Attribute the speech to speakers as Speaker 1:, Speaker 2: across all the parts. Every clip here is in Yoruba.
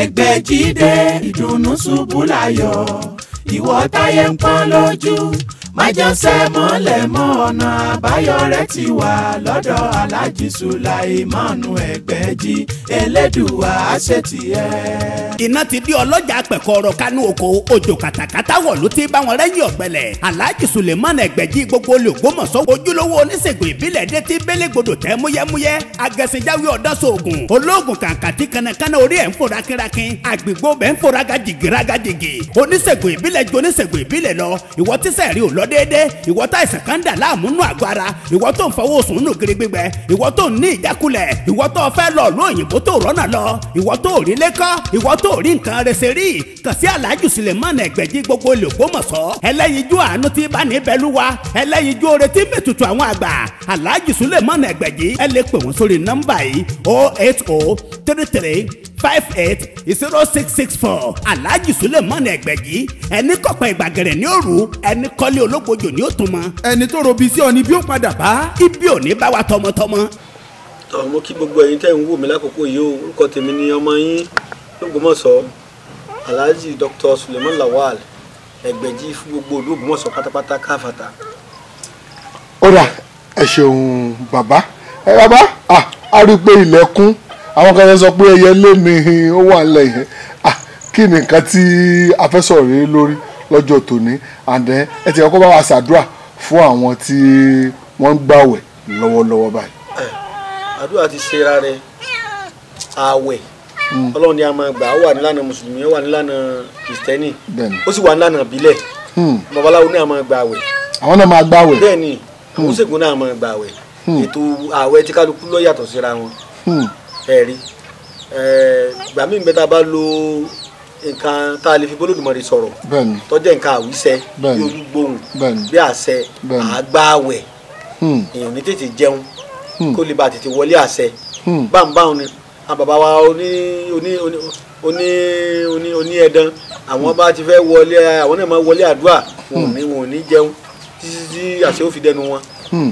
Speaker 1: ẹgbẹ́ jíde ìdùnnú ṣubú láyọ̀ ìwọ táyé ń pọ́n lójú májẹsẹ mọ́lẹ̀ mọ́ ọ̀nà àbáyọ rẹ̀ ti wà lọ́dọ̀ aláàjì sùláìmánu ẹgbẹ́jì elédùwà àṣetì ẹ. iná ti di ọlọ́jà pẹ̀kọ́rọ̀ kánú oko òjò kàtàkàtà wọ̀ ló ti bá wọn rẹ́yìn ọ̀gbẹ́lẹ̀ aláàjì sùláìmánu ẹgbẹ́jì gbogbo olùgbòmọ̀sọ́ ojúlówó oníṣègùn ìbílẹ̀ dé ti bélégbodò tẹ́ múyẹ́múyẹ́ agẹ̀sìnjáwé ọ̀dọ́sọ̀ọ̀gùn olóògùn kàǹkàtì kanakana orí ẹ̀ ń fò rakínrakín àgbègbè ọbẹ̀ ń fò ragajìgì ragajìgì oníṣègùn ìbílẹ̀ ju oníṣègùn ìbílẹ̀ lọ ìwọ tíṣẹ̀ rí ò lọ lọ déédé ìwọ tá àìsàn kan dà láàmú nù agbára ìwọ tó ń fọwọ́ sùn nù gírígbígbẹ ìwọ tó ń ní ìjákulẹ̀ ìwọ tó fẹ́ lọ lú òyìnbó tó rọ́nà lọ ìwọ tó rí lẹ́kọ́ ìwọ tó rí nǹkan rẹsẹ̀ rí kàn sí aláàjù Sulemana Ẹgbẹ̀jì gbogbo olè Ògbómọ̀ṣọ́ ẹlẹ́yinjú àánú tí bá ní bẹ́lúwa ẹlẹ́yinjú oore tí mètùtù àwọn àgbà aláàjù Sulemana Ẹgbẹ̀jì ẹ lè pè wọ́n sórí nọ́mbà yìí 080 33 five eight zero six six four alhaji suleiman ẹgbẹ̀jì ẹni kọ̀pẹ́ ìgbàgẹ̀rẹ̀ ní òru ẹni kọ́lé ológbojò ní òtún ẹni tó robi sí ọ ni bí ó padà bá. ibi ò ní bá wa tọmọtọmọ.
Speaker 2: ọmọ kí gbogbo ẹ̀yin tẹ́ ń wò mí lákòókò yìí o orúkọ tèmi ni ọmọ yín lÓgbómọ̀ṣọ́ alhaji dr suleiman lawal ẹgbẹ̀jì fún gbogbo ìlú Ògbómọ̀ṣọ́ pátápátá káfàtà. ó rà ẹ ṣeun bàbá ẹ bàbá a rí i pé ilẹ̀kùn àwọn kan sọ pé ẹyẹ lémi ó wà nílẹ̀ yẹn kí ni nǹkan tí a fẹ́ sọ̀rọ̀ lé lórí lọ́jọ́ tòní and then ẹ ti kọ́kọ́ bá wa ṣàdúrà fún àwọn tí wọ́n ń gbàwẹ̀ lọ́wọ́lọ́wọ́ báyìí. Eh, àdúrà ti ṣe ara rẹ ààwẹ̀ hmm. ọlọ́run ni a máa gbà ó wà nílànà mùsùlùmí ó wà nílànà kìrìtẹ́nì ó sì wà nílànà ìbílẹ̀ hmm. babaláwo ni a máa gbà àwẹ̀.
Speaker 3: àwọn náà máa gbà àwẹ̀. bẹ́ẹ̀
Speaker 2: ni àwọn hmm. oníṣègùn náà máa gbà àwẹ̀ ètò àwẹ̀ tí kálukú ló yàtọ̀ síra wọn ẹ̀rí ìgbà míì bẹ́ẹ̀ tá a bá lo nǹkan tá a lè fi bólódùmarè sọ̀rọ̀ tó jẹ́ nǹkan àwísẹ́ bí olúgbòhùn bí àṣẹ àgbáwẹ̀ hmm. èèyàn ní tètè jẹun hmm. kó lè bá tètè wọlé àṣẹ hmm. báńbáwọn ni àwọn bàbá wa oní oní oní oní oní ẹ̀dán àwọn bá ti fẹ́ wọlé àwọn náà máa wọlé àdúrà wọn ò ní wọn ò ní jẹun títí tí àṣẹ ó fi dẹnu wọn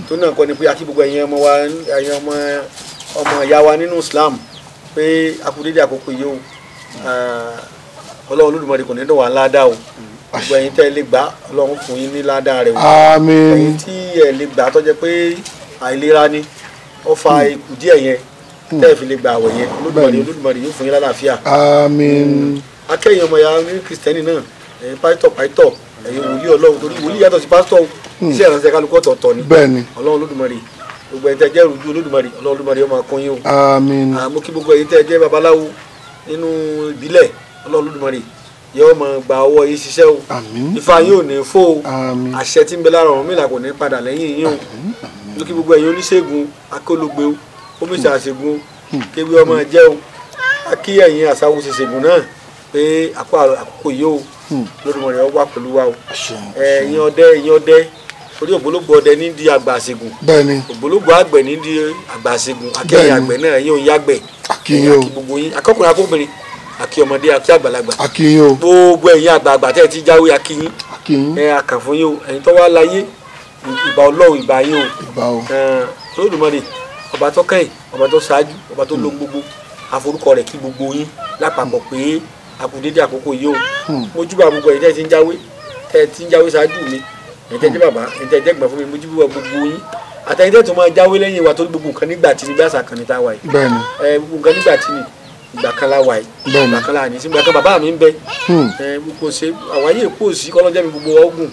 Speaker 2: tó náà kọ́ ni pé àti gbogbo ẹ̀yin ọmọ wa ẹ̀yin ọmọ ọmọ ìyá wa nínú Islam pé akudédé àkókò yìí o ọlọ́run olódùmarè kò ní dùn wá ńláda o gbogbo ẹ̀yin tẹ́ ẹ lè gbà ọlọ́run fún yín ní ládà rẹ̀ o ẹ̀yin tí ẹ lè gbà tọ́jẹ́ pé àìlera ni ó fa hmm. ikú díẹ̀ yẹn hmm. tẹ́ ẹ fi lè gbà àwẹ̀ yẹn olódùmarè olódùmarè yóò fún yín lálàáfíà.
Speaker 3: Hmm.
Speaker 2: akẹ́yìn ọmọ ya ní kìrìsìtẹ́nì náà ẹ̀yin pásítọ̀ pásítọ̀ ẹ̀yin wòlíì ọlọ́run torí wòlíì yàtọ̀ sí pásítọ̀ iṣẹ́ ìránṣẹ́ kálukú ọ̀tọ̀ọ̀tọ̀ ni ọlọ́run olódùmarè gbogbo ẹ̀yin tẹ́ jẹ́ ìrújú olódùmarè olódùmarè ọmọ akún yín o. àmín. àmọ́ kí gbogbo ẹ̀yin tẹ́ jẹ́ babaláwo nínú ìbílẹ̀ olódùmarè yóò mọ gba ọwọ́ yìí ṣiṣẹ́ o. àmín. ifá yóò ní fó o. àmín. àṣẹ tí ń bẹ lára ọ̀run mìlá kò ní padà lẹ́yìn yín o. àmín. kí gbogbo ẹ̀yin oníṣègùn akólógbé o omiṣẹ́ àṣègùn hmm. kéwì ọmọ jẹ́ o kí ẹ̀yin àṣàwò ṣèṣègùn náà pé àkókò yìí o hmm. olódùmarè ọwọ́ pẹ̀lú wa o. ẹ̀yin ọdẹ ẹ̀yin ọdẹ torí ògbólógbò ọdẹ ní di àgbà àṣegùn bẹ́ẹ̀ni ògbólógbò àgbẹ̀ ní di àgbà àṣegùn akẹ́yìn àgbẹ̀ náà yóò yàgbẹ̀ akíyìn o gbogbo yín akọkùnrin akóbìnrin akí ọmọdé akí àgbàlagbà
Speaker 3: akíyìn o gbogbo
Speaker 2: ẹ̀yin àgbààgbà tẹ́ ẹ ti jáwé akíyìn akíyìn ẹ àkànfún yín o ẹ̀yin tó wá láyé ìbà ọlọ́run ìbà yín o ìbà o Olódùmarè ọba tó kẹ́yìn ọba tó ṣáájú ọba tó lo hmm. gbogbo àforúkọ rẹ̀ kí gbogbo yín lápapọ̀ pé akùdédé àkókò yìí o hmm. mo júbà gbogbo ẹ̀yin tẹ́ ẹ ti ń jáwé tẹ́ ẹ ti ń jáwé ṣáájú mi ẹ̀jẹ̀ jẹ́ bàbá ẹ̀jẹ̀ jẹ́ gbà fún mi mo jí bíbá gbogbo yín àtẹ̀yìntẹ̀ tó máa jáwé lẹ́yìn wa torí gbogbo nǹkan nígbà tí ní bí àṣà kan ní tá a wà yìí
Speaker 3: gbogbo
Speaker 2: nǹkan nígbà tí ní ìgbà kan la wà yìí ìgbà kan la ní sí ìgbà kan bàbá mi ń bẹ hmm. kò ṣe àwa yìí kò sí kọ́lọ́jẹ́ mi gbogbo ọ̀gùn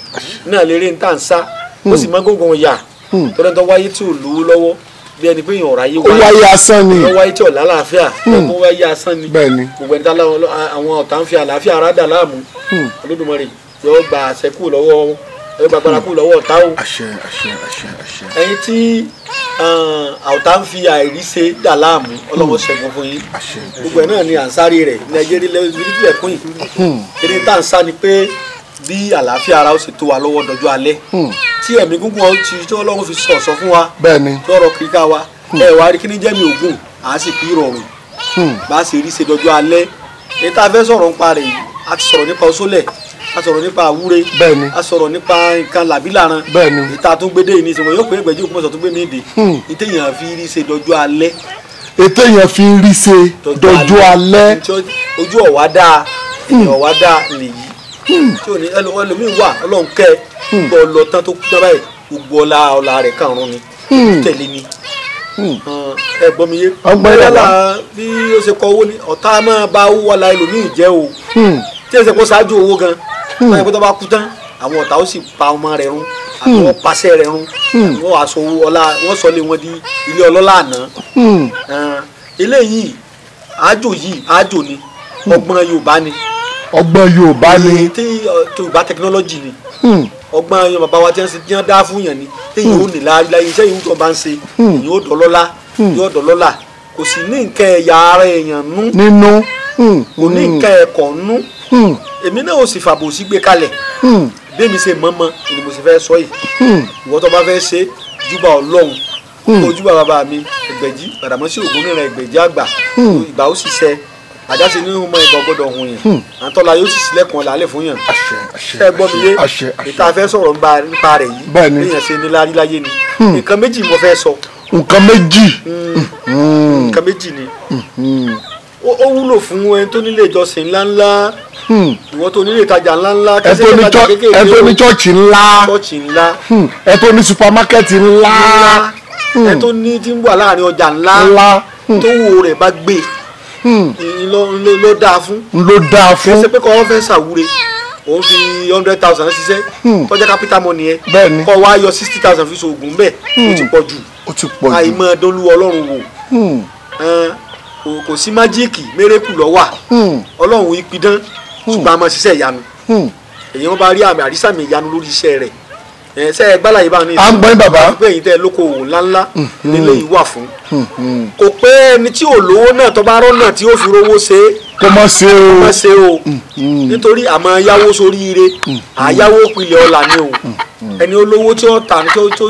Speaker 2: náà lérè ń tà ń sá ó hmm. sì máa gbógun yà hmm. tọ́lẹ́ wáyé tí ò lówó lọ́wọ́ bí ẹni pé ìyànra yé wáyé wáyé asán ni wáyé tí ò lálàáfíà ó wáyé asán ni
Speaker 3: gbogbo
Speaker 2: ẹni tá àwọn ọ̀tá ń fi àlàáfíà ara dà láàmú Olódùmarè yóò gba àṣẹ kù lọ́wọ́ ẹ gbàgbára kú lọ́wọ́ ọ̀tá o ẹ̀yin tí ọ̀tá uh, ń fi àìrí ṣe dà láàmú ọlọ́wọ́ hmm. ṣẹ̀gbọ́n fún yín gbogbo ẹ̀ náà ni à ń sáré rẹ̀ nàìjíríà lẹ́yìn ẹ̀kún yìí hmm. eré tá à ń sá ni pé bí àlàáfíà ara ó sì tó wa lọ́wọ́ dọjọ́ alẹ́ hmm. tí ẹ̀mí gúngún ọ̀hún ti tí ọlọ́run fi sọ̀sọ́ fún wa lọ́rọ̀ kíríkà wa ẹ̀ wá rí kíní jẹ́mi ògùn à á sì kí rọrùn bá a sì rí ṣe dọjọ́ alẹ́ èyí tá a fẹ́ sọ̀rọ̀ ń parẹ́ yìí a ti sọ̀rọ̀ nípa oṣólẹ̀ a sọ̀rọ̀ nípa àwúre bẹ́ẹ̀ni a sọ̀rọ̀ nípa nǹkan làbílàran bẹ́ẹ̀ni ìta tó gbé yìí ní ìsìnkú yóò pé ìgbẹ́jú òkúmọ̀sọ̀ tó gbé mí dé hmm. ìtẹ̀yàn fi rí ṣe dọjú alẹ́.
Speaker 3: ìtẹ̀yàn fi rí ṣe dọjú alẹ́.
Speaker 2: ojú ọ̀wá dáa hmm. ọ̀wá dáa nìyí hmm. tí ò ní ẹlòmíín wà ọlọ́run kẹ́ gbọ́ lọ tán tó kúta báyìí gbogbo ọlá ọlá rẹ̀ kàrún ni tẹ̀lé ni ẹ gbọ́ mi yé ọgbẹ́lá bí ó ṣe kọ owó ni ọ̀tá máa bá owó wọlá ẹlòmíín Hmm. báyìí pé tó bá kú tán àwọn ọ̀tá ó sì pa ọmọ rẹ̀ run àwọn hmm. pàṣẹ rẹ̀ run hmm. wọ́n aṣọ ọlá wọ́n sọ lé wọn di ilé ọlọ́lá àná eléyìí àjò yìí àjò ni ọgbọ́n Yorùbá ni
Speaker 3: ọgbọ́n Yorùbá ni
Speaker 2: tí Yorùbá tẹkinọ́lọ́jì ni ọgbọ́n yan bàbá wa tí wọ́n ṣe tí wọ́n dá fún yàn ni tí yóò ní láyé iṣẹ́ yìí tó bá ń ṣe yóò dọ̀lọ́lá yóò dọ̀lọ́lá kò sí ní nǹkan ẹ̀yà ara èèyàn nú kò ní nǹkan ẹ̀kọ́ nú Hmm. èmi náà ò sì fàbòsí gbé kalẹ̀ hmm. bẹ́ẹ̀mi ṣe mọ́mọ́ ni mo sì fẹ́ sọ yìí hmm. ìwọ tó bá fẹ́ ṣe júbà ọlọ́run ojúbà bàbá mi ẹgbẹ̀jì bàdàmọ́sí ògún níran ẹgbẹ̀jì àgbà ìgbà ó sì ṣe àdáṣe nínú ọmọ ìgbà gbọdọ̀ hun yẹn àtọ́lá yóò sì sílẹ̀kùn ọ̀la alẹ́ fún yẹn ẹ gbọ́ mi yé ìta fẹ́ sọ̀rọ̀ nípa rẹ̀ yìí níyàn ṣe ní láyé ni nǹkan méjì mo fẹ́ sọ.
Speaker 3: nǹkan méjì. nǹkan
Speaker 2: méjì ni ó wúlò fún ẹni tó nílé ìjọsìn ńláńlá hmm. ìwọ tó nílé ìtajà ńláńlá kẹsẹ̀ ìtajà kékeré ẹ tó ní chọ́ọ̀chì ńlá
Speaker 3: hmm. ẹ tó ní supamákẹ́ẹ̀tì ńlá ẹ
Speaker 2: ní tí ń wà láàrin ọjà ńlá hmm. tó wo rẹ̀ bá gbé ló dáa fún ló dáa fún kẹsẹ̀ pé kọ́ ọ́ fẹ́ ṣàwúre o fi hundred thousand ṣiṣẹ́ tọ́jà capital money yẹn bẹ́ẹ̀ni kọ́ wa yọ sixty thousand fi ṣoògùn bẹ́ẹ̀ o ti pọ̀ jù o ti pọ̀ ọlọ́run wò kò sí májíìkì mérekù ló wà hmm. ọlọ́run ìpidán hmm. ṣùgbọ́n a máa ṣiṣẹ́ ìyanu hmm. èyàn bá rí àmì àrísàmì ìyanu lórí iṣẹ́ rẹ̀ ẹsẹ ẹgbàlá yìí bá ní. à ń gbọ́ ní bàbá. àti pé èyí tẹ lókoòwò ńláńlá nílé yìí wà fún. kò pé ẹni tí ò lówó náà tó bá rọ́ náà tí ó fi rówó ṣe é. kó má ṣe o. kó má ṣe o. nítorí àmọ́ yáwó soríire àyáwó pilẹ̀ ọ̀la ni o. ẹni olówó tí ó tà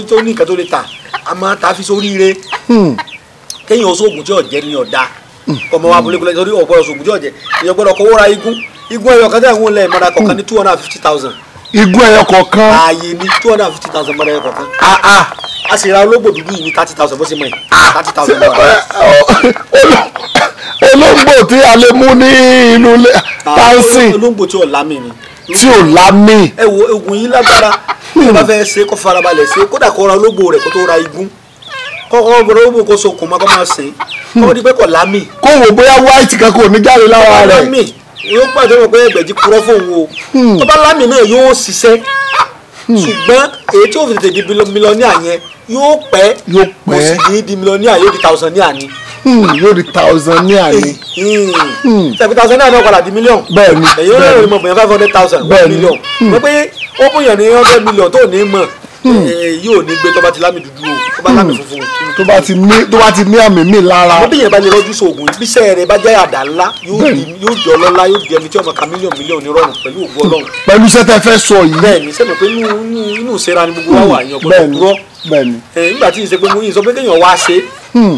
Speaker 2: tó ní nǹkan tó lè tà àmọ́ tá a fi soríire. kéèyàn ó tí ò jẹ́ ní ọ̀dà ọmọ wa bolí kulẹ̀ torí ọ̀pọ̀ ọ̀sùn ògùjọ́ jẹ èèyàn gbọ́dọ̀ kó wọ́ra igun igun ẹyọ kan tẹ̀ ń lẹ̀ mọ́ra ní two hundred and fifty thousand. igun ẹyọ kọ̀ọ̀kan. ààyè ní two hundred and fifty thousand mọ́ra ẹyọ kọ̀ọ̀kan. Ah, ah. a sì ra ológbò dúdú yìí ní thirty thousand bó ṣe mọ̀ yìí ah. thirty thousand mọ́ra. Eh,
Speaker 3: eh, ológbò tí a lè mú ní
Speaker 2: inú tansi. ológbò tí ò lámì ni. tí ò lámì. ẹ wo oògùn yìí lágbára bí hmm. wọ́n bá fẹ́ ṣe kó farabalẹ̀ ṣe kódà kó ra ológbò rẹ̀ kó tó ra igun kọ́kọ́ bọ̀rọ̀ ó bò kó sokùn mọ́ kó máa sìn kó di pé kò lámì. kó wò bóyá white kan kò ní jáde lára rẹ̀. lámì yóò gbàdúrà mọ̀ pé ẹgbẹ̀jì purọ́ fóun o hmm. tó bá lámì náà yóò ṣiṣẹ́ hmm. ṣùgbọ́n èyí tí ó fi tètè di mílíọ̀nìà yẹn yóò pẹ́ yóò pẹ́ kò sì ní di mílíọ̀nìà yóò di tàùsànìà ni.
Speaker 3: Hmm, yóò di tàùsànìà ni.
Speaker 2: tẹ̀fí tàùsànìà náà padà di mílíọ̀n bẹ́ẹ̀ni bẹ́ẹ̀ni èyí ó lè mọ̀ bóyá five hundred thousand one million wọ́n pé ó bóyá ní hundred million tó ní mọ̀ Hmm. Eh, yóò ní gbé tó bá ti lámì dúdú o
Speaker 3: tó bá hmm. lámì funfun o. tó bá
Speaker 2: ti ní tó bá ti ní àmì mi lára. mo bíyẹn bá lè rọjú sóògùn yìí bíṣẹ́ rẹ bá jẹ́ àdá ńlá yóò jọ lọ́lá yóò di ẹni tí ọmọ kan mílíọ̀nù mílíọ̀nù nírọ̀rùn pẹ̀lú ògbó ọlọ́run. pẹ̀lú iṣẹ́ tẹ fẹ́ sọ yìí. bẹ́ẹ̀ni sẹ́mi pé inú ìsera ni gbogbo wa wà yàn gbọ́dọ̀ dúró. bẹ́ẹ̀ni. Eh, nígbà tí ìṣe pé mo yìn sọ pé kéèyàn wá ṣe é hmm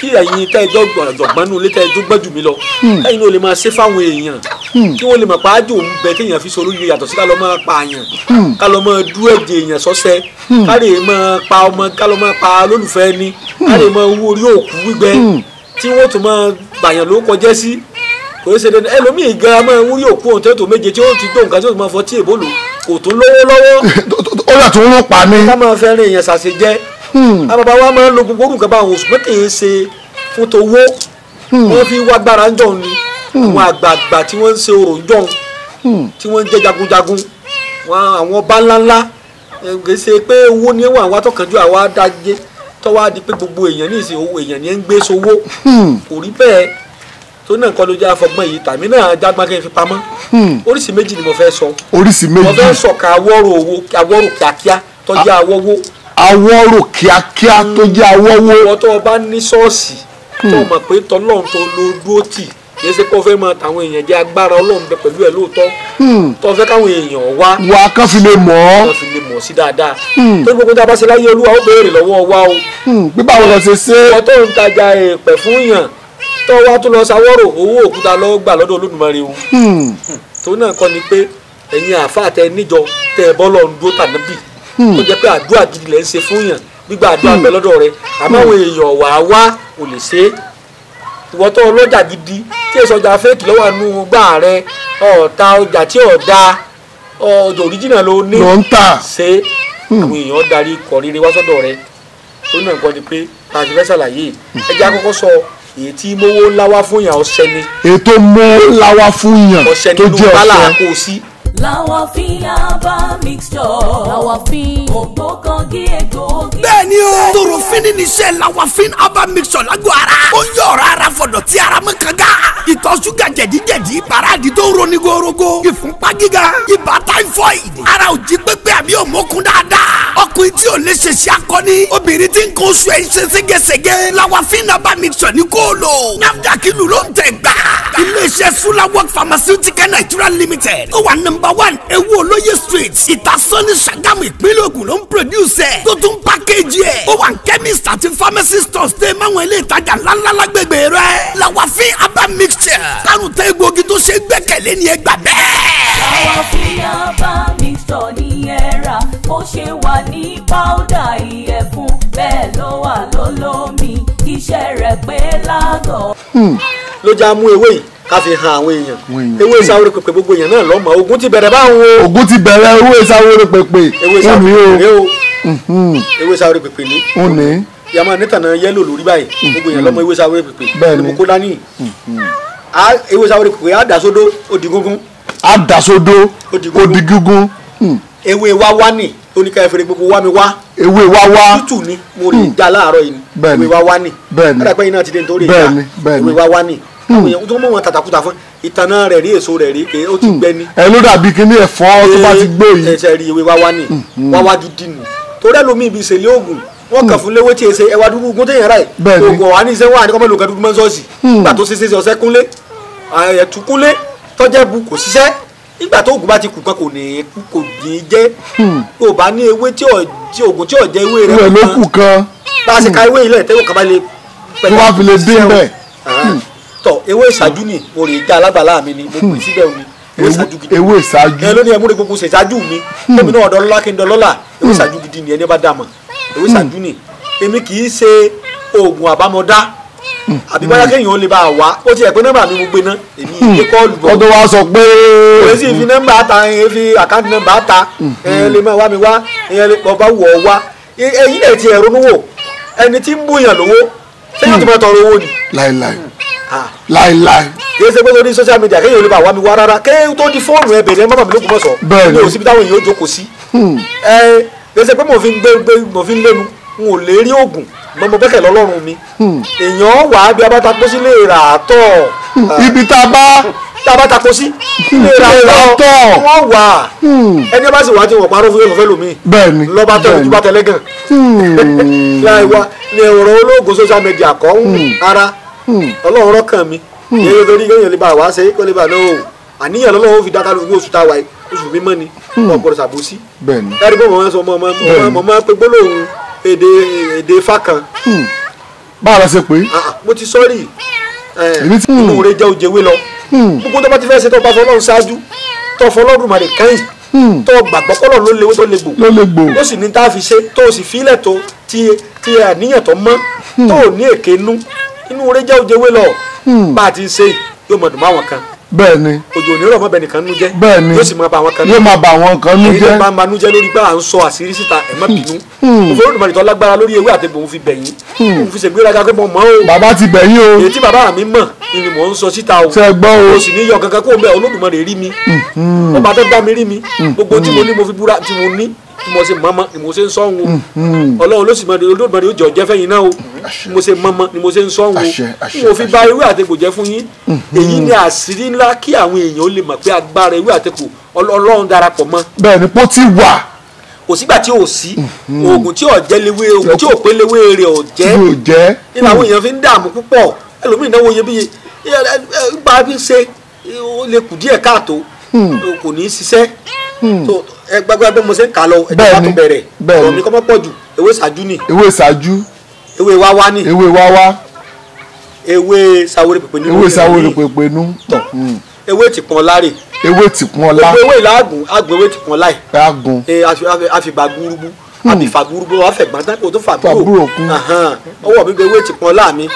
Speaker 2: kí ẹ̀yin tẹ́jọ́ gbọ̀ngbọ̀nú ilé tẹ́jọ́ gbẹ́jù mi lọ hmm. ẹ̀yin ló lè máa ṣe fáwọn èèyàn hmm. kí wọ́n lè mọ̀ pé àjò ń bẹ téèyàn fi sọ̀rọ̀ yìí yàtọ̀ sí ká lọ máa pa àyàn hmm. ká lọ máa dú ẹ̀jẹ̀ èèyàn sọ́sẹ́ ká lè máa pa ọmọ ká lọ máa pa lólùfẹ́ ni ká lè máa wú orí òkú gbígbẹ tí wọ́n tún máa bàyàn ló kọjẹ́ sí kò ṣe dandan ẹlòmíì gan máa wú orí òkú ohun tẹ́tò méje tí ó ti dó nǹkan tí ó ti máa fọ tí èbó lò kò tún lówó lọ́wọ́. ó yà tó ń pa mí. ká máa fẹ́ràn èèyàn ṣàṣejẹ́
Speaker 3: Hmm. àwọn wa máa
Speaker 2: ń lo gbogbo orúkọ báwọn oṣù mẹ́kì í ṣe fún towó hmm. wọ́n fi wá gbára ń jọ̀ ni hmm. àwọn àgbààgbà tí wọ́n ń ṣe orò ń jọ̀ tí wọ́n ń jẹ́ jagunjagun àwọn ọba ńláńlá gbèsè pé owó ni wọn àwọn atọ́kànjú àwọn adájé tọ́wọ́ á pé gbogbo èèyàn ní ìsìn owó èèyàn ní ń gbé sowó kò rí bẹ́ẹ̀ tó náà kọ́ ló jẹ́ afọgbọ́n yìí tàmí náà jágbọ́n kẹ́hìn fi pamọ́ oríṣi méjì ni mo fẹ́ sọ oríṣi méjì mo fẹ́ sọ ká awọ́rò owó awọ́rò kíákíá tọ́jú ah. awọ́wó awọ́rò kíákíá tó jẹ́ awọ́wó. ìwọ tó o bá ní ṣọ́ọ̀ṣì tó o hmm. mọ̀ pé tọ́lọ́run tó lo dúró tì yẹ ṣe kó fẹ́ mọ tàwọn èèyàn jẹ́ agbára ọlọ́run bẹ pẹ̀lú ẹ̀ lóòótọ́
Speaker 3: hmm. tó fẹ́
Speaker 2: káwọn èèyàn wá. wà á kàn fi lè mọ̀ ọ́. kàn fi lè mọ̀ sí dáadáa. Hmm. tó gbogbo tí a bá ṣe láyé olúwa ó béèrè lọ́wọ́ wa o. bí báwo lọ ṣe ṣe. ọkọ tó ń tajà èèpẹ̀ fún yàn tó wá tó lọ ṣàwọ́rò owó òkúta lọ́wọ́ gbà lọ́dọ̀ olódùmarè o. tó náà kọ́ ni pé ẹ̀yin àfáà tẹ níjọ tẹ bọ́lọ̀ ń dúró tó hmm. jẹ́ pé àdúrà gidi lẹ́ ń ṣe fún yàn gbígba àdúrà hmm. bẹ lọ́dọ̀ rẹ àmọ́ àwọn hmm. èèyàn wà á wá kò lè ṣe é ìwọ́n tó ọlọ́jà gidi tí èso ọjà fẹ́ẹ̀kì lọ́wọ́ àánú gbà rẹ ọ̀ọ́ta ọjà tí ọ̀ọ́da ọjà òríjìnà ló ní ló ń tà ṣe àwọn èèyàn darí ikọ̀ rere wá sọ́dọ̀ rẹ tó náà kọ́ ni pé tàbí fẹ́ ṣàlàyé ẹjẹ́ àkọ́kọ́ sọ èyí tí mowó ńlá wá fún yàn ọ̀sẹ̀ ni
Speaker 3: ètò mowó ńlá wá fún yàn tó
Speaker 2: jẹ́ ọ̀sẹ̀ ọ̀sẹ̀ nínú bálà kò sí làwàfíà bá
Speaker 4: mixture. làwàfín. ògbókangí egbòogi. bẹ́ẹ̀ni o. torofin ni iṣẹ́ làwàfín aba mixture lágọ̀ọ́ ara. ó ń yọ ara fọ̀dọ̀ tí ara mọ́ kanga. ìtọ̀ ṣúgà jẹ̀díjẹ̀dí paradì tó roni gorogo. ìfúnpá gíga. ibà táífọ̀ìdì. ara ò jí pépé àbí òmókun dáadáa. ọkùnrin tí ò lè ṣe ṣe akọni obìnrin tí ń kan oṣù ẹ̀ ń ṣe ségesège làwọn fínàbà mi sọ ní kóòlò NAFDAC ìlú ló ń tẹ̀ gbà. iléeṣẹ́ sulawok pharmaceutical nigeria limited ó wà nọ́mbà one ewu olóye street ìtasọ́ni Ṣàgámù ìpínlẹ̀ Ògùn ló ń produce ẹ̀ tó tún package ẹ̀ ó wà chemist àti pharmacy stores tẹ́ máwọn ilé ìtajà ńláńlá lágbègbè rẹ̀ làwọn fín abá mixture lárùn tẹ́ egbògi tó ṣe gbẹ́kẹ̀lé ni ẹ gbà bẹ́ẹ̀. làwọn fín abá mixture ni ẹ rà ó ṣe wà ní páúdà ìyẹ̀fun bẹ́ẹ̀ ló wà lólómi iṣẹ́ rẹ̀ pé lágọ̀ọ́.
Speaker 2: Hmm. ló já mú ewé yìí ká fi han àwọn èèyàn ewé sáwórì pèpè gbogbo èèyàn náà lọ́mọ ogun ti bẹ̀rẹ̀ báwọn o. ogun ti bẹ̀rẹ̀ ewé sáwórì pèpè ó o ewé sáwórì pèpè ní. ó ní. Mhm. nítànà yẹlò lórí báyìí mhm. gbogbo èèyàn lọ́mọ ewé sáwórì pèpè bẹ́ẹ̀ kó dání mhm. ewé sáwórì pèpè á dà sódó ó ewé wa wá nì tó ní káyọ̀ fèrè gbogbo wá mi wá. ewé wa wá tútù ni mo lè hmm. já láàárọ̀ yìí ni ewé wa wá nì bẹ́ẹ̀ni kọ́dà pé iná ti dé nítorí ìyá ewé wa wá nì hmm. àwọn èèyàn tó wọn tàtàkùtà fún ìtànà rẹ̀ rí èso rẹ̀ rí pé ó ti hmm. gbẹ ni. ẹ ló
Speaker 3: dàbí kíní ẹ̀fọ́ tó bá ti gbó yìí.
Speaker 2: ẹsẹ̀ rí ewé wa wá nì wá wá gidi nù torí ẹlòmí ibi ìṣèlè oògùn wọn kàn fún léwé tí e ṣe ẹwà dúdú ogun téèyàn rà yìí oògùn bu kò ṣiṣẹ́ nígbà tó oògùn bá ti kù kan kò ní kò ní jẹ́ hmm. tó o bá ní ewé tí oògùn tí ọ̀jẹ̀ ewé rẹ̀ ló kù kan bá a ṣe ka ewé ilẹ̀ tẹ́wọ́ kaba lè pẹ̀lú àti sẹ́wọ̀n tọ ewé ìṣáájú ni mo rè já alábàálá mi ni mo pè hmm. síbẹ̀ ni ewé ìṣáájú gidi ewé ìṣáájú ẹ lónìí ẹ múre gbogbo ṣe ìṣáájú mi tẹ́mi hmm. náà ọ̀dọ́ lọ́lá kí n dọ́ lọ́lá ewé ìṣáájú gidi ni ẹni bá dà mọ̀ ewé ìṣáájú ni èmi kì í ṣe oògùn àbámọ̀dá àbí báyà hmm. kéèyàn ó lè bá a wá ó ti ẹ̀ pé nọ́mbà mi mo gbé náà èmi ìdí kọ́ọ̀lù bọ̀. ọdún wa sọ pé. òye fi hmm. nọ́mbà ta ẹ fi àkáǹtì nọ́mbà ta hmm. ẹ lè máa wá mi wá ẹ lè bá wọ̀ ọ́ wá ẹ̀yin lè ti ẹ̀rọ níwò ẹni tí ń bùyàn lówó sẹ́yìn tó máa tọrọ owó ni. láìláì ah. láìláì. kì í ṣe pé lórí social media kéèyàn ó lè bá wá mi wá rárá kéèyàn tó di fóònù ẹ bèrè ẹ má bàbá mi lókun sọ. bẹ́ẹ̀ kì í ṣe pé mo fi ń gbé n ò lè rí oògùn mọ mo gbẹ́kẹ̀ lọ́lọ́run mi hmm. èèyàn wà á bí abáta kó sí lè rà á tọ̀.
Speaker 3: Hmm. ibi tá
Speaker 2: a bá tá a bá ta kó sí lè rà á tọ̀ wọ́n wà á hmm. ẹni bá sì wá ti wọ̀ parọ́ fún yóò fẹ́ lómi lọ́ba tẹ̀ ojú bá tẹ̀lé gan. láìwá ni ọ̀rọ̀ olóògùn social media kọ́ ń ara ọlọ́run rọ́kàn mi yẹ́n lórí yẹ́n lè bá wa ṣe kó lè bá lọ́wọ́ àníyàn lọ́lọ́wọ́ fi dáká lórí oṣù táwa yìí oṣù mímọ́ ni ọ̀pọ̀lọpọ̀ èdè èdè fákan. Hmm. bá a lọ ṣe pé. Ah, ah, mo ti sọ́ọ̀rì eh, èmi tí inú hmm. rẹ jẹ́ òjèwé lọ hmm. gbogbo tó bá ti fẹ́ ṣe tó bá fọlọ́run ṣáájú tó fọlọ́run màdè kẹ́yìn tó gbàgbọ́ kọ́lọ̀ ló léwé tó lè gbò ló lè gbò ó sì ní tá a fi ṣe tó o sì fílẹ̀ tó ti ti àníyàn tó mọ́ tó o ní èké nú inú rẹ jẹ́ òjèwé lọ bá a ti ṣe yóò mọ̀ dùn máwọn kan bẹ́ẹ̀ni. òjò òní rọ̀ mọ́ bẹ́ẹ̀ nìkan nú jẹ́. bẹ́ẹ̀ni yóò sì máa bà àwọn kan nú jẹ́. yóò máa bà
Speaker 3: àwọn kan nú jẹ́. èyí ló bá
Speaker 2: máa nú jẹ́ lórí pé à ń sọ àṣírí síta ẹ má hmm. bínú. òfin hmm. olùmọ̀lẹ̀ tó lágbára lórí ewé àti bòun fi bẹ̀yìn. Hmm. òun fi ṣègbéraga pé mo mọ̀ o. bàbá ti bẹ̀yìn o. èyí tí bàbá mi mọ̀ ni mò ń sọ síta o. ṣe o. o sì ní yọ kankan kó o bẹ́ẹ̀ olódùmarè rí mi. ọba tó dá mi rí mi. gbogbo tí mo ní mo fi búra tí mo ní mo ṣe mọ́mọ́ ni mo ṣe ń sọ́hun o mm, mm. ọlọ́run ló sì mọ olódùmarè yóò jọ jẹ́ fẹ́yìn náà o mo ṣe ni mo ṣe ń sọ́hun o fi ba ewé àtekò jẹ́ fún yín mm, èyí ni àṣírí ńlá kí àwọn èèyàn lè mọ̀ pé agbára ewé àtekò ọlọ́run darapọ̀ mọ́. bẹ́ẹ̀ni pó ti wà kò tí o sí oògùn tí ò jẹ́ léwé oògùn tí ò pé léwé rẹ̀ ò jẹ́ nínú àwọn èèyàn fi ń dààmú púpọ̀ ẹlòmíì náwó iyebíye gba bí ṣe ó lè kù díẹ̀ káàtó kò ní í ṣiṣẹ́ Hmm. so ẹ gbàgbàgbà mo ṣe ń kà lọ ẹ jẹ́ wá tún bẹ̀rẹ̀ ọ̀rọ̀ mi kọ́ mọ́ pọ̀ jù ewé ṣáájú ni. ewé ṣáájú. ewé wáwá ni. ewé wáwá. ewé sawore pèpénú. ewé sawore
Speaker 3: pèpénú. Hmm.
Speaker 2: ewé tìpọn láre.
Speaker 3: ewé tìpọn lá. ewé làágùn
Speaker 2: àgùn ewé tìpọn láì. àgùn. àfìgbà gúrúgbú àbí hmm. fàgúrúgbú wàá fẹ̀gbọ́n tán kó tó fàbúrò. fàbúrò kú. ọwọ́ mi gbé ewé tìpọn láà mi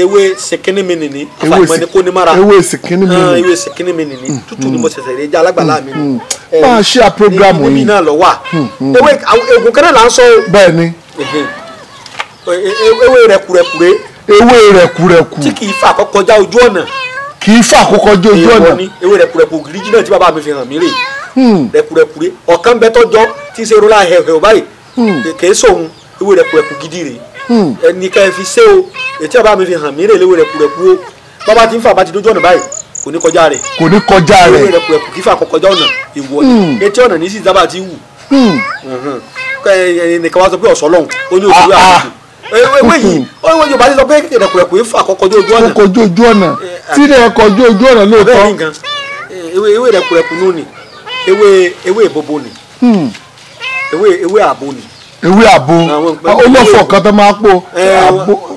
Speaker 2: ewé sikini mi nìní àfàìmọ̀ ni kò ní mara ewé sikini mi ah, nìní ewé sikini mi nìní hmm, tútù ni hmm. mo ṣẹ̀ṣẹ̀ lè jẹ́ alágbàlá mi ni. Hmm, eh, máa ṣe a programu yìí níbi náà lọ wà Ewe oògùn kẹ́nẹ́ là ń sọ o. bẹ́ẹ̀ ni. Ewe rẹ̀kùrẹ̀kùrẹ́. ewé rẹ̀kùrẹ̀kù. tí kì í fà kọjá ojú ọ̀nà. kì í fà kọjá ojú ọ̀nà. èèwọ̀ ni ewé rẹ̀kùrẹ̀kù ògiri jí náà tí bàbá mi fi hàn mí rè rẹ̀kùrẹ̀kùrẹ́ ọ̀kan bẹ tọ́jọ́ tí ṣe rola hẹ̀hẹ̀ báyìí kèé sóhun Ewe rẹ̀kùrẹ̀kù gidi rèé ẹnìkan ẹ fi ṣe o ètí ọba mi fi hàn mí rè léwu rẹ̀kúrẹ̀kú o bàbá ti ń fà bá ti dójú ọ̀nà báyìí kò ní kọjá rẹ̀ kò ní kọjá rẹ̀ léwu rẹ̀kúrẹ̀kú kí fà kọ kọjá ọ̀nà ìwọ ni hmm. etí ọ̀nà ní sì dábàá ti wù hmm. ẹnìkan wá sọ pé ọ̀sọ́ lọ́hùn ó ní òṣèlú ah, ah. àbùkù ewé yìí owó hmm. yorùbá ti sọ pé rẹ̀kúrẹ̀kú yìí fà kọ kọjá ojú ọ̀nà kọ
Speaker 3: kọjá ojú ọ̀nà tí rẹ̀
Speaker 2: kọjá ojú ọ̀nà lóòótọ́ ewé rẹ̀kúrẹ̀kú nù ni ewé ewé ìbobo ni ewé ewé àbò ni ewé àbò olófò
Speaker 3: kan tó máa pò.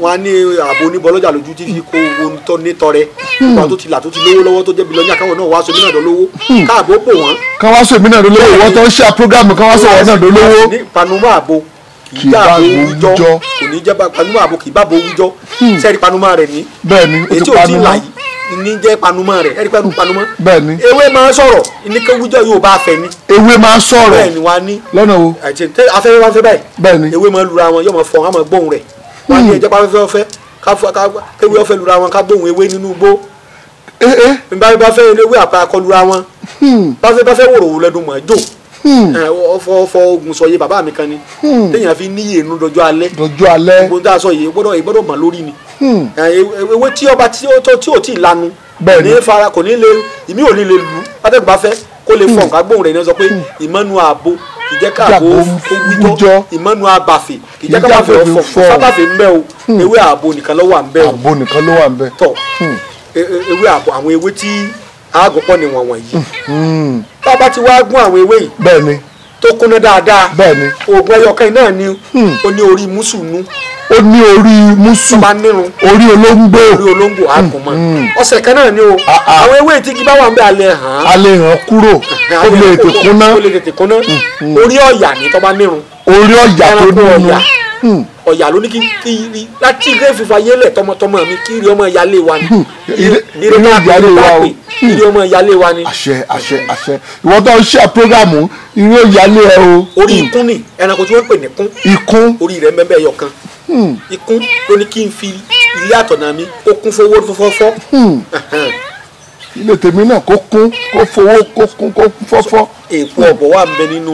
Speaker 2: wọn á ní àbò oníbọlọ́jà lójú tí kó ohun tó nítọrẹ hmm. nípa tó ti là tó ti lówó lọ́wọ́ tó jẹ́ bílíọ̀nù àkáwọn náà wá so mí náà káàbò bò wọ́n.
Speaker 3: kán wá so mí náà lólówó tó ń ṣe àpúrógámù kán wá so wọ́n náà lólówó.
Speaker 2: panumọ́ àbò kì í bá àbò wújọ́ kò hmm. ní jẹ́ panumọ́ àbò kì í bá àbò wújọ́ sẹ́ẹ̀rì panumọ́ rẹ̀ ní. bẹ́ẹ̀ ni ó ti panumọ́ ní jẹ́ panumọ́ rẹ̀ ẹ̀rí pẹ́ẹ́nu panumọ́. bẹ́ẹ̀ni. ewé máa ń sọ̀rọ̀ ìníkẹ́wújọ́ yóò bá fẹ́ ni. ewé máa ń sọ̀rọ̀ bẹ́ẹ̀ni wa ní. lọ́nà wo. afẹ́fẹ́ máa ń fẹ́ báyìí. bẹ́ẹ̀ni. ewé máa ń lura wọn yóò máa fọ wọn máa gbóhùn rẹ̀. wọ́n á ní hmm. ẹjẹ́ pàfẹ́fẹ́ ọ̀fẹ́ kéwé ọ̀fẹ́ lura wọn ká gbóhùn ewé nínú igbó. Eh, eh. bá fẹ́ ewé àpá akọlura wọn. Hmm. bá fẹ́ wòrò wò lẹ́nu mọ́ jó ọfọ hmm. eh, ọfọ ogun sọyẹ bàbá mi kan ni hmm. téèyàn fi níyè inú dọjọ́ alẹ́ dọjọ́ alẹ́ gbogbo tá a sọ yìí gbọ́dọ̀ ìgbọ́dọ̀ mà lórí ni hmm. eh, e-, e-, ewé tí ọba tí ò tí ì lanu kò ní fara kò ní lè ìmí ò ní lè lu látẹ̀kùn bá fẹ́ kó lè fọ̀ nǹkan gbóhùn rẹ̀ ní sọ pé ìmọ̀nu ààbò ìjẹ́ká àbò wíjọ́ ìmọ̀nu àbàfẹ́ ìjẹ́ká àbàfẹ́ ọ̀fọ̀ sábàfẹ́ ń bẹ o ewé ààbò nìkan ló wà ń bẹ o ààbò nìkan ló wà ń bẹ tọ e-, ewé ààbò àwọn ewé tí àgùnpọ̀ ni wọ̀n wọ̀nyí
Speaker 3: hmm. Hmm.
Speaker 2: tá a bá ti wá gún àwọn ewé yìí bẹ́ẹ̀ni tó kúnná dáadáa bẹ́ẹ̀ni oògùn ẹyọkan náà ni ó hmm. ní orí mùsùlùmí ó ní orí mùsù orí olóńgbò orí olóńgbò àgùnmọ̀ ọ̀sẹ̀ kan náà ni o ah, ah. àwọn ewé ìtìkí bá wà ń bẹ alẹ́ hàn alẹ́ hàn kúrò ó lè tètè kúnná ó lè tètè kúnná orí ọ̀yà ni tó bá nírun orí ọ̀yà tó nírun ọ̀yà ló ní kí kiri láti ilé ìfúnfà yẹlẹ̀ tọmọtọmọ mi kiri ọmọ ìyálé wa ni ilé ìyálé wa o ilé ọmọ ìyálé wa ni. àṣẹ àṣẹ àṣẹ ìwọ tó ń ṣe programu irú ìyálé ẹ o. orí hmm. ikún ni ẹranko tí wọ́n ń pè ní kún. ikún. orí rẹ̀ mẹ́mẹ́ ẹyọ kan. Hmm. ikún ló ní kí n fi ilé àtọ̀nà mi kó kún fowó fọ́fọ́fọ́. Hmm. ilé tèmi náà kó kún kó fowó kó kún kó fọ́fọ́. èpo ọ̀bọ̀ wà ń bẹ nínú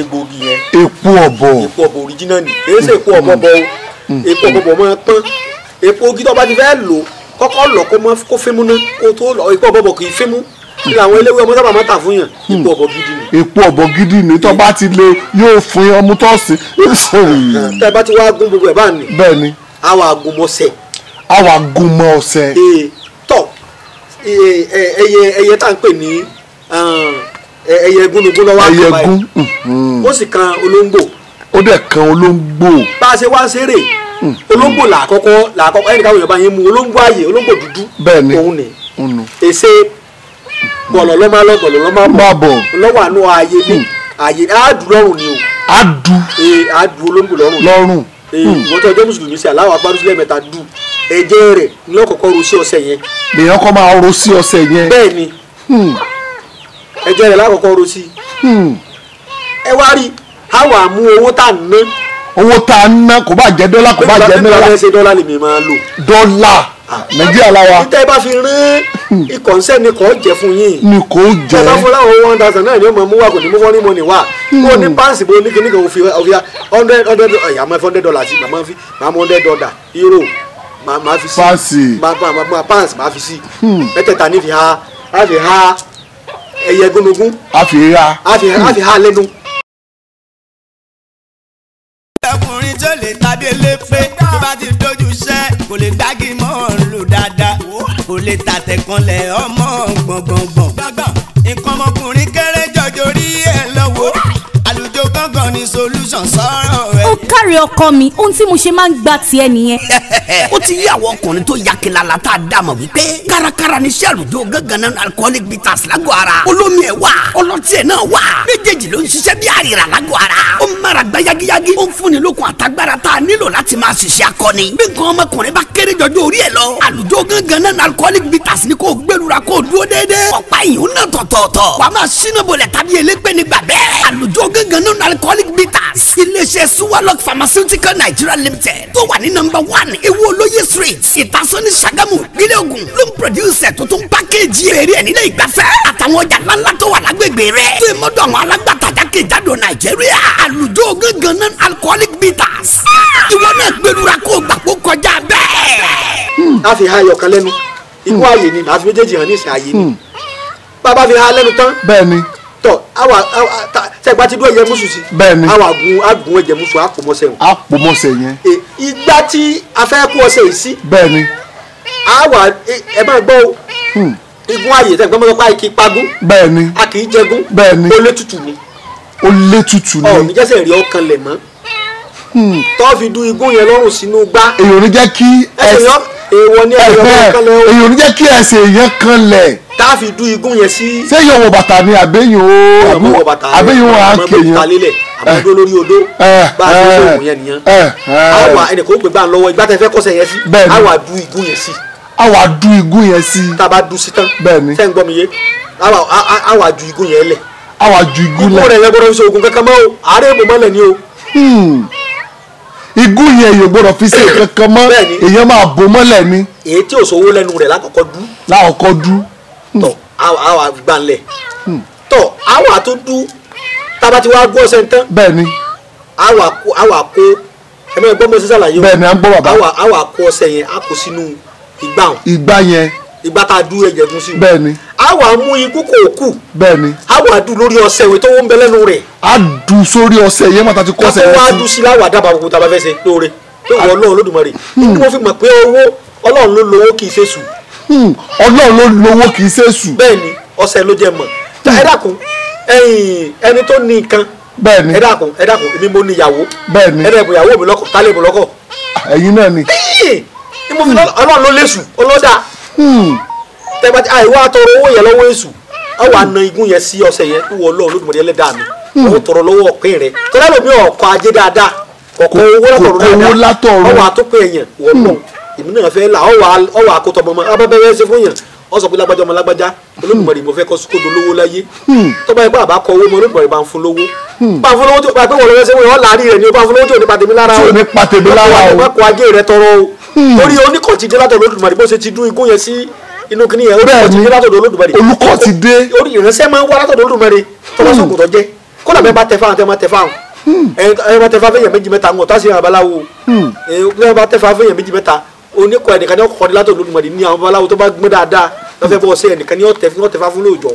Speaker 2: egbògi yẹn.
Speaker 3: èpo ọ̀bọ̀. èpo
Speaker 2: ọ̀bọ̀ original ni èyí ṣe èpo ọ̀bọ̀ bọ̀ o èpo ọ̀bọ̀ bọ̀ mọ́ ẹ pọ́n èpo ogi tó bá ti fẹ́ lò kọ́kọ́ lọ kó mọ́ kó fímú ná kó tó lọ ipò ọ̀bọ̀bọ̀ kì í fímú kí làwọn eléwé ọmọ sábà máa tà fún yàn hmm. ipò ọ̀bọ̀ gidi ni. ipò ọ̀bọ̀ gidi ni tó bá ti le yóò fún yàn ọmú tọ́sí. tẹ bá ti wá gún gbogbo ẹ̀ bá ní. bẹ́ẹ̀ni. àwọn agunmọ ọsẹ. àwọn agunmọ ọsẹ. tọ ẹyẹ ẹyẹ tá à ń pè ní ẹyẹ gúnugún lọ́wọ́ àgbà yìí mhm. ó sì kan olóńgbò. ó dẹ̀ kan olóńgbò. bá a ṣe wá ṣeré olóńgbò làkọ́kọ́ làkọ́kọ́ ẹnìkan yorùbá yẹn mú olóńgbò ààyè olóńgbò dúdú òun ni èsè bọ̀lọ̀ lọ́ máa bọ̀lọ̀ lọ́ máa lọ́wọ́ àánú ààyè ní ààyè àádùn lọ́rùn ni o. àdù. ee àdù olóńgbò lọ́rùn. lọ́rùn. ee hmm. ìwọ́n tó ọjọ́ mùsùlùmí sí aláwọ̀ agbárùsílẹ̀ mẹ́ta dù ẹ̀jẹ̀ rẹ̀ lọ́kọ̀ọ́kọ́ ro sí ọṣẹ yẹn. lèèyàn kọ́ máa ro sí ọṣẹ owó tá a ná kò bá jẹ́ dọ́là kò bá jẹ́ náírà dọ́là ni mi máa lò. dọ́là nàìjíríà láwa. tẹ́ ẹ bá fi rán ikọ̀nsẹ́ ni kò jẹ́ fún yín.
Speaker 3: ni kò jẹ́. tọ́lá
Speaker 2: fúnra wo one thousand náà ni ó máa mú wa kò ní mú wọ́n ní mọ́ni wa. kó o ní páǹsì bó o ní òfin ọ̀fíà hundred hundred ẹ̀yà máa fi hundred dollars sí màmá fi màmá hundred dollar euro màmá fi sí. páǹsì màmá páǹsì màá fi sí. mẹ́tẹ̀ẹ̀ta ní fi ha a fi ha ẹyẹ gúnugún. a fi ha. a fi ha lẹ́nu. ẹni tó lè tàbí
Speaker 1: elépé tó bá ti dojú iṣẹ́ kò lè gbági mọ́ lò dáadáa kò lè tàtẹ̀kànlẹ̀ ọmọ gbọ̀ngbọ̀ngbọ̀n. nǹkan ọmọkùnrin kéré jọjọ rí ẹ lọ́wọ́ àlùjọ gángan ni solution sọ̀rọ̀
Speaker 4: rẹ̀ ó kárẹ̀ ọkọ mi ohun tí mo ṣe máa ń gba tiẹ̀ nìyẹn. ó ti yí àwọn ọkùnrin tó ya kilala tá a dá mọ̀ wípé kárakára ni sẹ́lùjọ́ gángan alcoholic bitters lágọ̀ ara olómi ẹ̀ wà ọlọ́tí ẹ̀ náà wà méjèèjì ló ń ṣiṣẹ́ bí àrìrà lágọ̀ ara ó ń mara gba yagiyagi ó ń fúnni lókun àtagbára tá a nílò láti máa ṣiṣẹ́ akọni bí nǹkan ọmọkùnrin bá kéré jọjọ orí ẹ̀ lọ àlùjọ gángan alcoholic bitters ni kò gbẹlura kò dúró déédéé ọ̀pá ìyún náà tọ̀tọ̀ọ̀tọ̀ wàá máa ṣínà bọ̀lẹ̀ tàbí elépè nígbà alcoholic bitters finance iléeṣẹ́ suwalok pharmaceutical nigeria limited tó wà ní nọ́mbà one ewu olóye street ìtasọ́ni sagamu nílẹ̀ ogun ló ń produce ẹ̀ tó tún pákéjì èrè ẹ̀ nílẹ̀ ìgbafẹ́ àtàwọn ọjà ńláńlá tó wà lágbègbè rẹ̀ tó yẹ mọ́tò àwọn alágbàtàjà kejìdádò nàìjíríà àlùjọ gángan non alcoholic bitters ìwọ náà
Speaker 2: gbẹdúrà kó gbàgbó kọjá bẹ́ẹ̀. Hmm. a fi ha ayọ̀ kan lẹ́nu ikú ààyè hmm. ni làá fi méjèèjì hàn ní ìsìn ààyè ni bàbá hmm. fi ha lẹ́nu tán. bẹ́ẹ̀ tọ awa awa ta sẹgbà tí dúró yẹ musu si. bẹ́ẹ̀ni awa gun agun ẹjẹ musu apomọsẹ wọn. apomọsẹ yẹn. E, ìgbà tí a fẹ́ kó ọsẹ yìí sí. bẹ́ẹ̀ni. awa e, ẹ máa gbọ́ o. Hmm. igun ayè tẹ̀ gbọ́mọ́ pa kì í pagún. bẹ́ẹ̀ni a kì í jẹgún. bẹ́ẹ̀ni ó lé tutù ni. ó lé tutù ni. ọ̀ níjẹ́sẹ̀ rí ọkàn lẹ̀ mọ́. Hmm. tọ́ fi du igun yẹn lọ́rùn sínú gbá. èyí ò ní jẹ́ kí ẹsẹ̀ èèwọ̀
Speaker 3: ni ẹyọ kan kanlẹ̀ o. èèyàn ò
Speaker 2: ní jẹ́ kí ẹsẹ̀ èèyàn kanlẹ̀. tá a fi du igun yẹn sí. ṣé èèyàn wọ bàtà ni àbẹ́yìn o àbẹ́yìn o à ń kéèyàn. àmọ́ dó lórí odó bá a lórí òun yẹn nìyẹn. àwa ẹnì kò gbé gbà lọ́wọ́ ìgbà tẹ fẹ́ kọ́sẹ̀ yẹn sí. àwa du igun yẹn sí. àwa du igun yẹn sí. tá a bá du sí tán. bẹ́ẹ̀ni sẹ́ ń gbọ́ mi yé àwa du igun yẹn lẹ̀. àwa du igun lẹ̀. igun rẹ̀ yẹn gbọ́dọ̀ fi ṣe oògùn kankan mọ́ o àárẹ̀ èbò mọ́lẹ̀ ni o.
Speaker 3: Hmm igún yẹn yóò
Speaker 2: gbọ́dọ̀ fi ṣe kankan mọ́ èèyàn máa bò mọ́lẹ̀ ni. èyí tí òṣòwò lẹ́nu rẹ̀ lákọ̀ọ́kọ́ dú. lákọ̀ọ́kọ́ dú. Hmm. tọ àwọn àgbànlẹ̀ hmm. tọ àwọn àtúndú tába ti wá gbọ́ ọ̀sẹ̀ tán. bẹ́ẹ̀ni. àwọn àkó àwọn àkó ẹ̀mọ́ ẹ̀gbọ́n mi ṣe ṣàlàyé o. bẹ́ẹ̀ni à ń gbọ́ bàbá. àwọn àkó ọ̀sẹ̀ yẹn á kó sínú ìgbà ìgbà yẹn ìgbà tá a dú ẹ̀jẹ̀ gún sí. bẹ́ẹ̀ni. a wà mú ikú kò kù. bẹ́ẹ̀ni. a wà dùn lórí ọṣẹ ìwé tó ń bẹ lẹ́nu rẹ̀. a dùn sórí ọṣẹ yẹn mọ̀ta ti kọ́ ọṣẹ yẹn sí. a kò wá dùn sí láwà dábàá gbogbo tàbá fẹ́ ṣe lóore pé wọ́n lọ́run lódùmarè. inú mo fi mọ̀ pé owó ọlọ́run ló lówó kì í ṣe sù. Hmm, ọlọ́run ló lówó kì í ṣe sù. bẹ́ẹ̀ni ọṣẹ ló jẹ mọ̀. ẹ hmm. dákun ẹni tó ní Hmm. tẹ́gbà tí àìwá tọrọ owó yẹn lọ́wọ́ èṣù á wà na igun yẹn sí ọsẹ yẹn wọ lọ lódìmọ̀dé ẹlẹ́dàá mi hmm. ó tọrọ lọ́wọ́ ọ̀pẹ́ rẹ tọ́lá lómi ọkọ̀ ajé dáadáa ọkọ̀ owó látọ̀rọ̀ dáadáa ọwọ́ yẹn wọ́n èmi náà fẹ́ là ọwọ́ àkótọ́ mọ́mọ́ abẹ́bẹ́ yẹn ọ sọ pé lágbájá ọmọ lágbájá Olódùmarè mo fẹ́ kọ́ kódo lówó láyé tó bá yẹ pé àbá kọ owó mọ Olódùmarè bá ń fún lówó bá ń fún lówó tí o bá pé wọlé ṣe wọ́n láàárín rẹ̀ ni o bá ń fún lówó tí o ní patèmi lára o tí o ní patèmi lára o má kó ajé rẹ tọrọ o hmm. torí oníkọ̀ ti dé látọ̀ Olódùmarè bó ṣe ti dún igun yẹn sí inú kìnìún yẹn olùkọ́ ti dé látọ̀dọ̀ Olódùmarè olùkọ́ ti dé ìránṣẹ́ máa ń wá látọ̀dọ̀ Olódùmarè tọ́lá hmm. sọ̀kò tó jẹ́ kó làbẹ́ bá tẹ fáwọn tẹ́ máa tẹ fáwọn hmm. ẹ máa tẹ fáwọn fẹ́yẹ̀ méjì mẹ́ta ńgọ̀ tásìrì abaláwo ẹ máa tẹ fáwọn fẹ́yẹ̀ méjì mẹ́ta oníkọ̀ ẹ̀nìkan ní látọ̀dọ̀ Olódùmarè ní àwọn abaláwo tó bá gbọ́n dáadáa lọ́fẹ́ bọ́ ṣe ẹnìkan ní ọ̀tẹ̀ fún ọ̀tẹ̀ fáfú lóòjọ́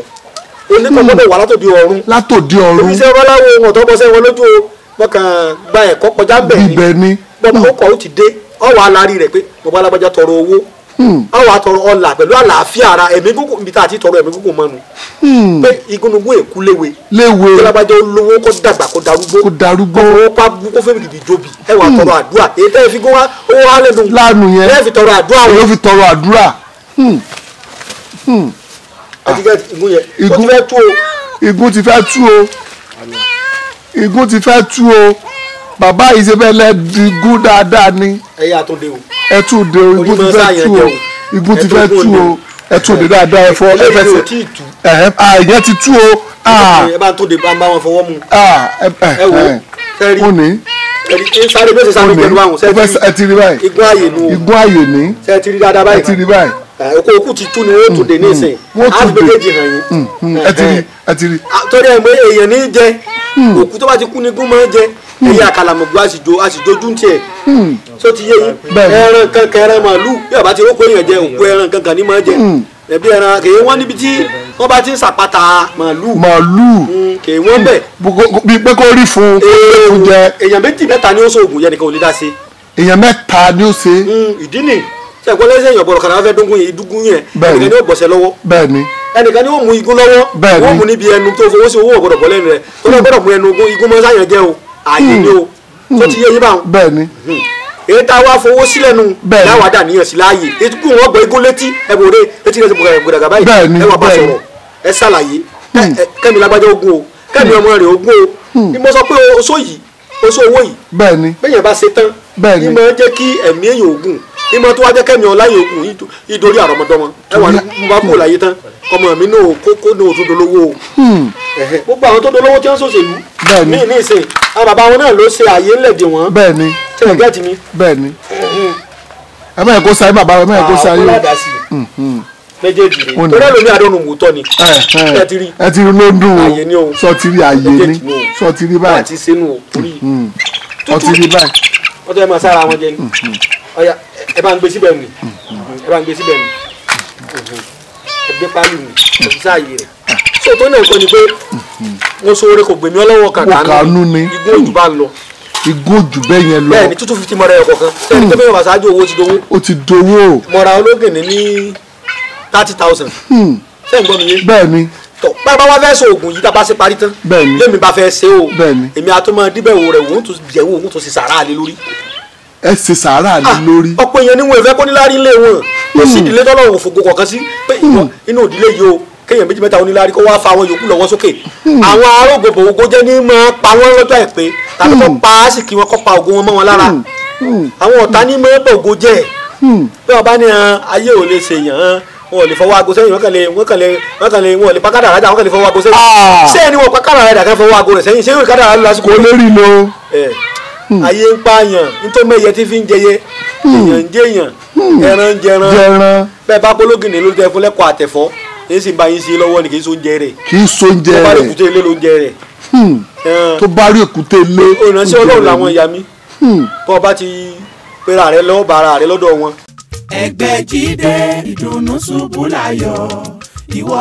Speaker 2: oníkan hmm. gbọ́dọ̀ wà látòdì ọ̀run látòdì ọ̀run èmi sẹ́ rọ́láwo ohun ọ̀tọ́ bọ́sẹ̀ wọn lójú o wọn kàn gba ẹ̀kọ́ kọjá bẹ́ẹ̀ ni bọ́dọ̀ ó kọ̀ ó ti dé ọwọ́ alárí rẹ̀ pé bàbá alágbájá tọrọ owó ọwọ́ hmm. àtọrọ ọlà pẹ̀lú àlàáfíà ara ẹ̀mí gúngùn níbi tá a ti tọrọ ẹ̀mí gúngùn mọ́nu hmm. pé igúnnugún èkú léwe léwe alágbájá olówó kó dàgbà kó darúgbó kó darúgbó kó pa kó fẹ́ bìbì jóbi ẹ wà tọrọ àdúrà èyí tẹ́ fi gún wa owó alẹ́ dùn lánàá yẹn ẹ fi tọrọ àdúrà.
Speaker 3: Hmm. igun fẹ́ tú o igun ti fẹ́ tú o igun ti fẹ́ tú o bàbá yìí ṣe fẹ́ lẹ́ digun dáadáa ni ẹ tún de o igun ti fẹ́ tú o igun ti fẹ́ tú o ẹ tún de dáadáa ẹ fọ ẹ fẹ́
Speaker 2: ṣe
Speaker 3: àyẹn ti tú o. ẹ ah.
Speaker 2: bá tó de bá wọn fọwọ́ mu ah, ẹ wò ó ní sáré bẹ́sẹ̀ sáré pẹ̀lú àwọn sẹ́ẹ̀tì igun ààyè ni sẹ́ẹ̀tì rí dáadáa báyìí. Eh, oko oku ti tú ni mm, mm, mm. wọ́n tún dé ní ìsìn àgbẹ̀dẹ̀jì hàn
Speaker 3: yín. ẹ ti rí eh, eh. ẹ ti rí.
Speaker 2: Ah, torí ẹ̀ mọ èèyàn ní jẹ òkú tó bá ti kú ni gún máa jẹ ẹyẹ àkàlàmọ̀gbọ́ àsìjójú tiẹ̀ tó
Speaker 3: ti yé yín
Speaker 2: ẹran kankan ẹran màálù bí ọba ti rókò èèyàn jẹ òkú ẹran kankan ní máa jẹ ẹbí ẹran kèé wọn níbi tí wọn bá ti ń sàpàtà màálù màálù kèé wọn bẹ. bí pé kó rí fún oúnjẹ. èèyàn méjì mẹ́ta ni ó sọ òògùn yẹn nìkan ò lè dá sí. èèyàn mẹ́ta ni ó ṣe. ìdí nìyí ṣe ẹ̀kọ́ lẹ́sẹ̀ èèyàn bọ̀rọ̀ kànáà fẹ́ dúngún yìí dúngún yẹn ẹnìkan ni ó bọ̀sẹ̀ lọ́wọ́ bẹ́ẹ̀ni ẹnìkan ni ó mú igun lọ́wọ́ wọ́n mú níbi ẹnu tó fowó sí owó ọ̀gbọ̀dọ̀ bọ̀ lẹ́nu rẹ̀ tó lọ́ gbọ́dọ̀ mú ẹnu ogun igun mọ́ sáyẹn jẹ́ o ààyè ni o tó ti yé yín báwọn. bẹ́ẹ̀ni hmm. èyí tá a wá fowó sílẹ̀ nu láwàá dà níyàn sí láàyè etíkù wọn gbọ́ igun létí ẹ bò dé etí rẹ ti bùkà gbọdàgà báyìí ẹ wà bá sọ̀rọ̀ ẹ ṣàlàyé hmm. kẹ́mi lágbájá ogun o kẹ́mi hmm. ọmọ rẹ̀ ogun o ni mo sọ pé oṣó yìí oṣó owó yìí bẹ́ẹ̀ni bẹ́ẹ̀yẹn bá ṣe tán ni mo jẹ́ kí ẹ̀mí èèyàn ogun ìmọ̀ tó wá jẹ́ kẹ́mi ọláyè òkun ìdórí àrọ́mọdọ́mọ ẹwà ní mo bá kó láyé tán kọmọ mi náà kókó náà tó dolówó o hmm. gbogbo àwọn tó dolówó tí wọ́n ṣòṣèlú mí ní ìsìn àwọn bàbá wọn náà ló ṣe àyè ńlẹ̀dì wọn bẹ́ẹ̀ni tẹ̀lẹ̀ gẹ́ẹ̀tì mi. bẹ́ẹ̀ni ẹ mọ̀ ẹ̀ kó sáyé bàbá rẹ mọ̀ ẹ̀ kó sáyé o hmm, hmm. méjèèjì rè torí ẹlòmíì àdónù wò tọ́ ni ẹ ti rí ẹ ti rí ló dùn o sọ ti rí àyè ni sọ ti rí báyìí ọtí rí báyìí ọtí ẹ máa sára wọn jẹ ni ọyà ẹ bá ń gbé síbẹ̀ nì ẹ bá ń gbé síbẹ̀ nì ẹ gbé pálí nì ẹ fi sáàyè rẹ̀ so tó náà kọ́ ni pé mo so oore kò gbèmí ọlọ́wọ́ kàkánú ni igbó òjò bá lọ igójú bẹ́ẹ̀ yẹn lọ. bẹ́ẹ̀ni two fifty mọra ẹ kọ̀ọ̀kan sẹni tẹmẹ bàbá ṣáájú owó ti dowó. o ti dowó. mọra ológìnní ní thirty thousand.
Speaker 3: sẹ́yìn
Speaker 2: hmm. gbọ́ mi yé. ni, tọ bàbá wa fẹ́ sọ oògùn yìí tá a bá ṣe parí tán. bẹ́ẹ̀ni lèmi bá fẹ́ ṣe o. bẹ́ẹ̀ni èmi àtọmọ díbẹ̀ wò rẹ̀ wò ó tún jẹ́ wò ó tún ṣe sàrà lé lórí ẹ ṣe sàárà ní ah, lórí. ọ̀pọ̀ èèyàn ni wọn ìfẹ́ kó níláárí ńlẹ̀ wọn kò sí hmm. ìdílé tọ́lọ̀ òfògùn kọ̀ọ̀kan sí pé hmm. inú ìdílé yìí o kéèyàn méjì mẹ́ta oníláárí kó wáá fa àwọn yòókù lọ́wọ́ sókè hmm. àwọn arógo bòógó jẹ́ ní máa pa wọ́n lọ́jọ́ àìpé tàbí kó pa á sì kí wọ́n kó pa ògùn wọn mọ́ wọn lára àwọn ọ̀tá ní máa bòógó jẹ́ bí wọ́n bá ní ah, ayé ò lè ṣèyàn ah, wọn ò lè fọwọ́ aago sẹ́yìn wọ́n kàn lè wọ́n kàn lè wọ́n kàn lè wọ́n lè pa kádà rájà wọ́n kàn lè fọwọ́ aago sẹ́yìn sẹ́yìn ni wọ́n pa kádà rájà kan fọwọ́ aago rẹ̀ sẹ́yìn sẹ́yìn kádà rájà lásìkò. olórí lo Hmm. ayé ń pààyàn nítorí mẹ́yẹ tí fi ń jẹyẹ hmm. èèyàn ń jẹyàn hmm. ẹran ń jẹran bẹ́ẹ̀ bá pológìnì ló tẹ fún lẹ́kọ̀ọ́ àtẹ̀fọ́ èyí sì ń ba yín sí lọ́wọ́ ni kì í so oúnjẹ rẹ̀ kì í so oúnjẹ
Speaker 3: rẹ̀
Speaker 2: tó bá rí èkúté ilé ló ń jẹ rẹ̀. tó bá rí èkúté ilé ó jẹ rẹ̀ ìrànṣẹ́ ọlọ́run làwọn ìyá mi bọ́ ọ bá ti pera rẹ lọ́wọ́ bara rẹ lọ́dọ̀ wọn. ẹgbẹ́ jíde
Speaker 1: ìdùnnú ṣubú
Speaker 2: láyọ̀ ìwọ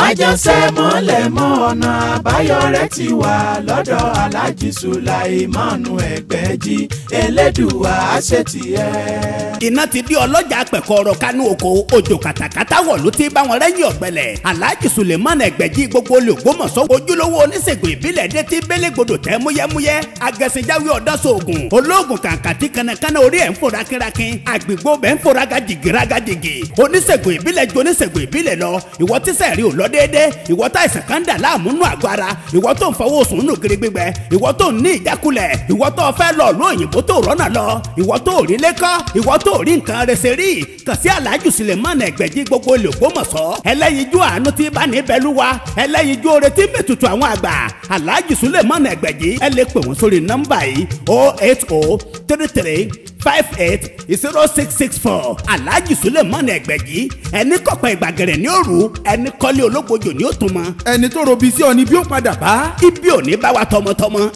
Speaker 2: májànsẹ́ mọ́lẹ̀ mọ́ ọ̀nà
Speaker 1: àbáyọ rẹ̀ ti wà lọ́dọ̀ aláàjì sùláìmánu ẹgbẹ́jì elédùwà àṣetì ẹ̀. iná ti di ọlọ́jà pẹ̀kọ́rọ̀ kánú oko òjò kàtàkàtà wọ̀ ló ti bá wọn rẹ́yìn ọ̀gbẹ́lẹ̀ aláàjì sùláìmánu ẹgbẹ́jì gbogbo olùgbòmọ̀sọ́ ojúlówó oníṣègùn ìbílẹ̀ dé ti bélégbodò tẹ́ múyẹ́múyẹ́ agẹ̀sìnjáwé ọ̀dọ́sọ̀ọ̀gùn olóògùn kàǹkàtì kanakana orí ẹ̀ ń fò rákínrakín àgbègbè ọbẹ̀ ń fò rágàjìgì rágàjìgì oníṣègùn ìbílẹ̀ jóníṣègùn ìbílẹ̀ lọ ìwọ tíṣẹ́ rí ò lọ déédéé ìwọ tá àìsàn kan dà láàmú nù àgọ́ ara ìwọ tó ń fọwọ́ sùn nù gírí gbígbẹ ìwọ tó ń ní ìjákulẹ̀ ìwọ tó fẹ́ lọ ló òyìnbó tó rọ́nà lọ ìwọ tó rí lẹ́kọ́ ìwọ tó rí nǹkan rẹsẹ̀ rí kàn sí aláàjù Suleman Ẹgbẹ̀jì gbogbo l'Ògbómọ̀ṣọ́ ẹlẹ́yinjú àánú tí bá ní bẹ́lúwa ẹlẹ́yinjú oore tí mẹ́tutù àwọn àgbà aláàjù Suleman Ẹgbẹ̀jì ẹ lè pè wọ́n sórí nọ́mbà yìí oh oh three five eight zero six six four alhaji Suleman Ẹgbẹ̀jì ẹni kọ̀pẹ́ ìgbàgẹ̀rẹ̀ ní òru ẹni kọ́lé olóòtú olókojò ni ó tún mọ. ẹni tó robi sí ọ ni bí ó padà bá. ibi ò ní bá wa tọmọtọmọ